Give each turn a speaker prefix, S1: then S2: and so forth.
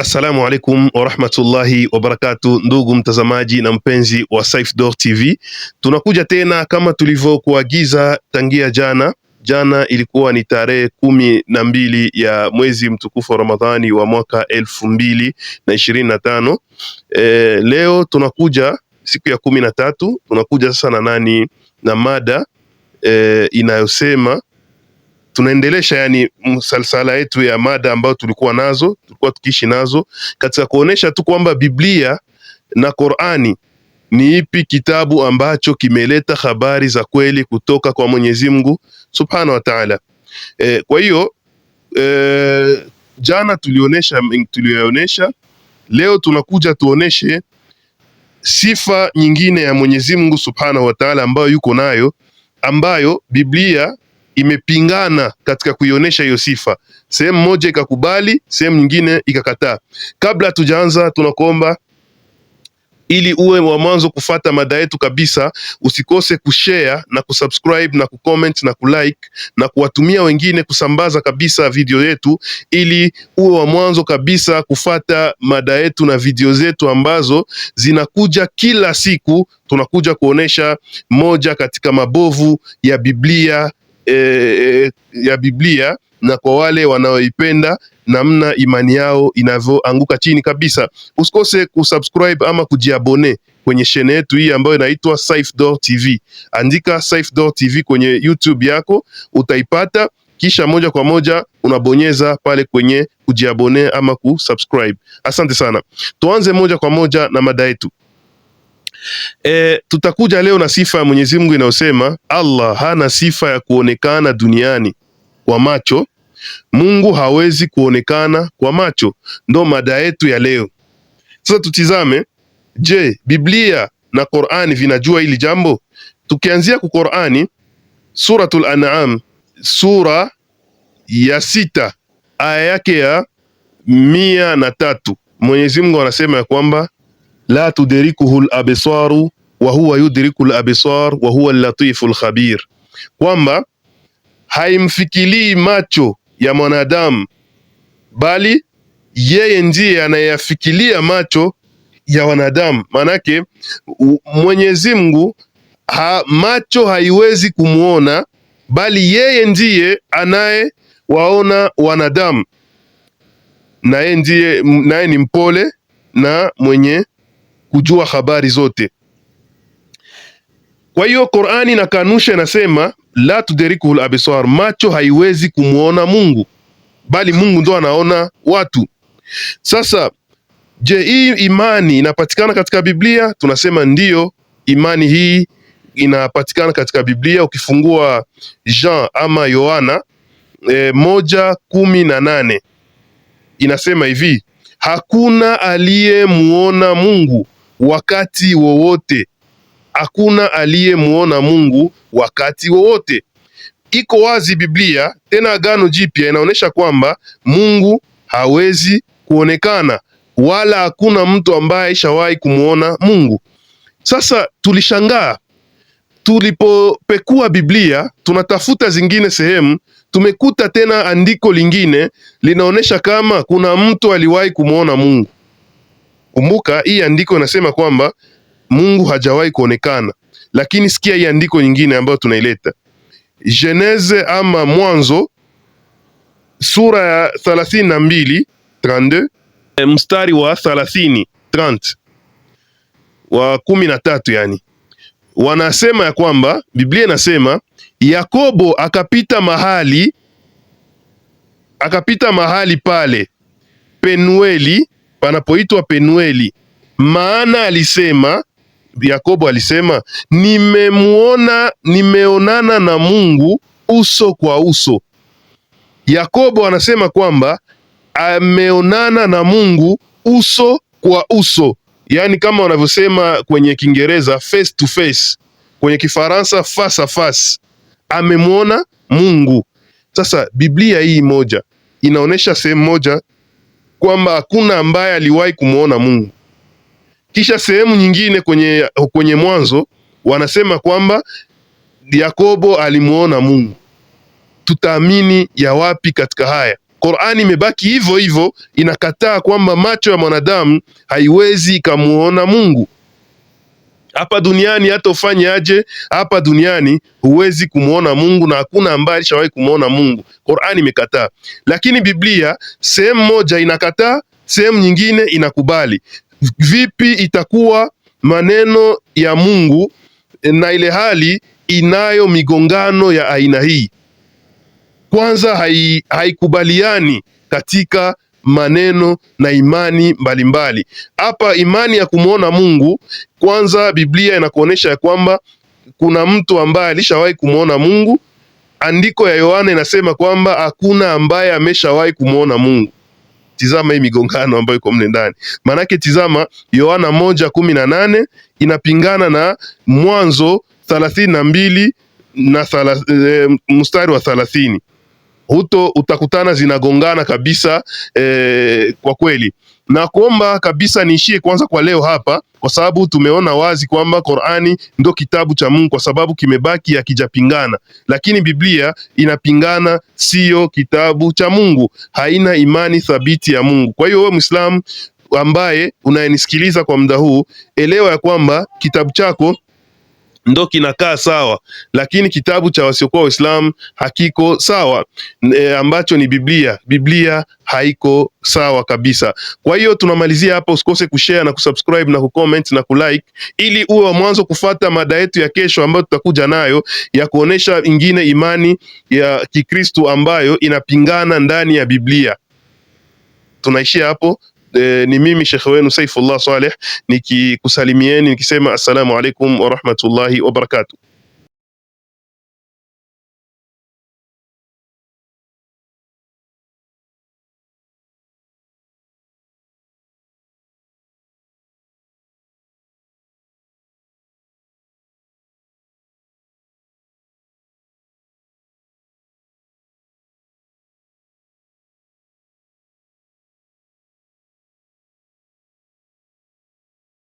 S1: Assalamu alaikum warahmatullahi wabarakatu, ndugu mtazamaji na mpenzi wa Saifdor TV, tunakuja tena kama tulivyokuagiza tangia jana. Jana ilikuwa ni tarehe kumi na mbili ya mwezi mtukufu wa Ramadhani wa mwaka elfu mbili na ishirini na tano. E, leo tunakuja siku ya kumi na tatu tunakuja sasa na nani na mada e, inayosema tunaendelesha yani msalsala yetu ya mada ambayo tulikuwa nazo, tulikuwa tukiishi nazo katika kuonesha tu kwamba Biblia na Qur'ani ni ipi kitabu ambacho kimeleta habari za kweli kutoka kwa Mwenyezi Mungu Subhanahu wa Ta'ala. E, kwa hiyo e, jana tulionesha tulionyesha, leo tunakuja tuoneshe sifa nyingine ya Mwenyezi Mungu Subhanahu wa Ta'ala ambayo yuko nayo ambayo Biblia imepingana katika kuionyesha hiyo sifa, sehemu moja ikakubali, sehemu nyingine ikakataa. Kabla hatujaanza, tunakuomba ili uwe wa mwanzo kufata mada yetu kabisa, usikose kushare na kusubscribe na kucomment na kulike na kuwatumia wengine kusambaza kabisa video yetu, ili uwe wa mwanzo kabisa kufata mada yetu na video zetu ambazo zinakuja kila siku. Tunakuja kuonesha moja katika mabovu ya Biblia e, e, ya Biblia na kwa wale wanaoipenda namna imani yao inavyoanguka chini kabisa. Usikose kusubscribe ama kujiabone kwenye shene yetu hii ambayo inaitwa Saif.TV. TV. Andika Saif.TV kwenye YouTube yako utaipata, kisha moja kwa moja unabonyeza pale kwenye kujiabone ama kusubscribe. Asante sana, tuanze moja kwa moja na mada yetu. E, tutakuja leo na sifa ya Mwenyezi Mungu inayosema Allah hana sifa ya kuonekana duniani kwa macho. Mungu hawezi kuonekana kwa macho, ndo mada yetu ya leo. Sasa tutizame, je, Biblia na Qur'ani vinajua hili jambo? Tukianzia ku Qur'ani, Suratul An'am sura ya sita aya yake ya mia na tatu Mwenyezi Mungu anasema ya kwamba la tudrikuhu labsaru wa huwa yudriku labsar wa huwa allatifu lkhabir, kwamba haimfikilii macho ya mwanadamu bali yeye ndiye anayeyafikilia macho ya wanadamu. Maanake Mwenyezi Mungu ha, macho haiwezi kumwona bali yeye ndiye anayewaona wanadamu, naye ndiye naye ni mpole na mwenye kujua habari zote. Kwa hiyo Qur'ani inakanusha, inasema la tudrikuhu al-absar, macho haiwezi kumwona Mungu, bali Mungu ndo anaona watu. Sasa je, hii imani inapatikana katika Biblia? Tunasema ndiyo, imani hii inapatikana katika Biblia. Ukifungua Jean ama Yohana e, moja kumi na nane inasema hivi, hakuna aliyemuona Mungu wakati wowote. Hakuna aliyemwona Mungu wakati wowote. Iko wazi Biblia, tena Agano Jipya inaonyesha kwamba Mungu hawezi kuonekana wala hakuna mtu ambaye ishawahi kumwona Mungu. Sasa tulishangaa tulipopekua Biblia, tunatafuta zingine sehemu, tumekuta tena andiko lingine linaonyesha kama kuna mtu aliwahi kumwona Mungu. Kumbuka hii andiko inasema kwamba Mungu hajawahi kuonekana, lakini sikia hii andiko nyingine ambayo tunaileta Geneze ama Mwanzo sura ya thalathini na mbili 32 eh, mstari wa thalathini 30 wa kumi na tatu yani wanasema ya kwamba Biblia inasema Yakobo akapita mahali akapita mahali pale Penueli panapoitwa Penueli, maana alisema Yakobo alisema nimemuona, nimeonana na Mungu uso kwa uso. Yakobo anasema kwamba ameonana na Mungu uso kwa uso, yaani kama wanavyosema kwenye Kiingereza face to face, kwenye Kifaransa face à face. Amemwona Mungu. Sasa Biblia hii moja inaonyesha sehemu moja kwamba hakuna ambaye aliwahi kumwona Mungu. Kisha sehemu nyingine kwenye, kwenye Mwanzo wanasema kwamba Yakobo alimwona Mungu. Tutaamini ya wapi katika haya? Qur'ani imebaki hivyo hivyo, inakataa kwamba macho ya mwanadamu haiwezi ikamwona Mungu hapa duniani hata ufanye aje, hapa duniani huwezi kumwona Mungu na hakuna ambaye alishawahi kumwona Mungu. Qur'ani imekataa, lakini Biblia sehemu moja inakataa, sehemu nyingine inakubali. Vipi itakuwa maneno ya Mungu na ile hali inayo migongano ya aina hii? Kwanza haikubaliani hai katika maneno na imani mbalimbali. Hapa imani ya kumwona Mungu, kwanza Biblia inakuonyesha ya kwamba kuna mtu ambaye alishawahi kumwona Mungu. Andiko ya Yohana inasema kwamba hakuna ambaye ameshawahi kumwona Mungu. Tizama hii migongano ambayo iko mle ndani, maanake tizama Yohana moja kumi na nane inapingana na Mwanzo thalathini na mbili na eh, mstari wa thalathini huto utakutana zinagongana kabisa eh, kwa kweli na kuomba kabisa niishie kwanza kwa leo hapa, kwa sababu tumeona wazi kwamba Qur'ani ndo kitabu cha Mungu, kwa sababu kimebaki hakijapingana, lakini Biblia inapingana, siyo kitabu cha Mungu, haina imani thabiti ya Mungu. Kwa hiyo wewe Muislamu ambaye unayenisikiliza kwa muda huu, elewa ya kwamba kitabu chako ndo kinakaa sawa, lakini kitabu cha wasiokuwa Waislamu hakiko sawa e, ambacho ni Biblia. Biblia haiko sawa kabisa. Kwa hiyo tunamalizia hapa, usikose kushare na kusubscribe na kucomment na kulike, ili uwe wa mwanzo kufata mada yetu ya kesho ambayo tutakuja nayo ya kuonesha ingine imani ya Kikristo ambayo inapingana ndani ya Biblia. Tunaishia hapo. ni mimi shekhe wenu Saifullah Saleh nikikusalimieni nikisema assalamu alaikum wa rahmatullahi wa barakatuh.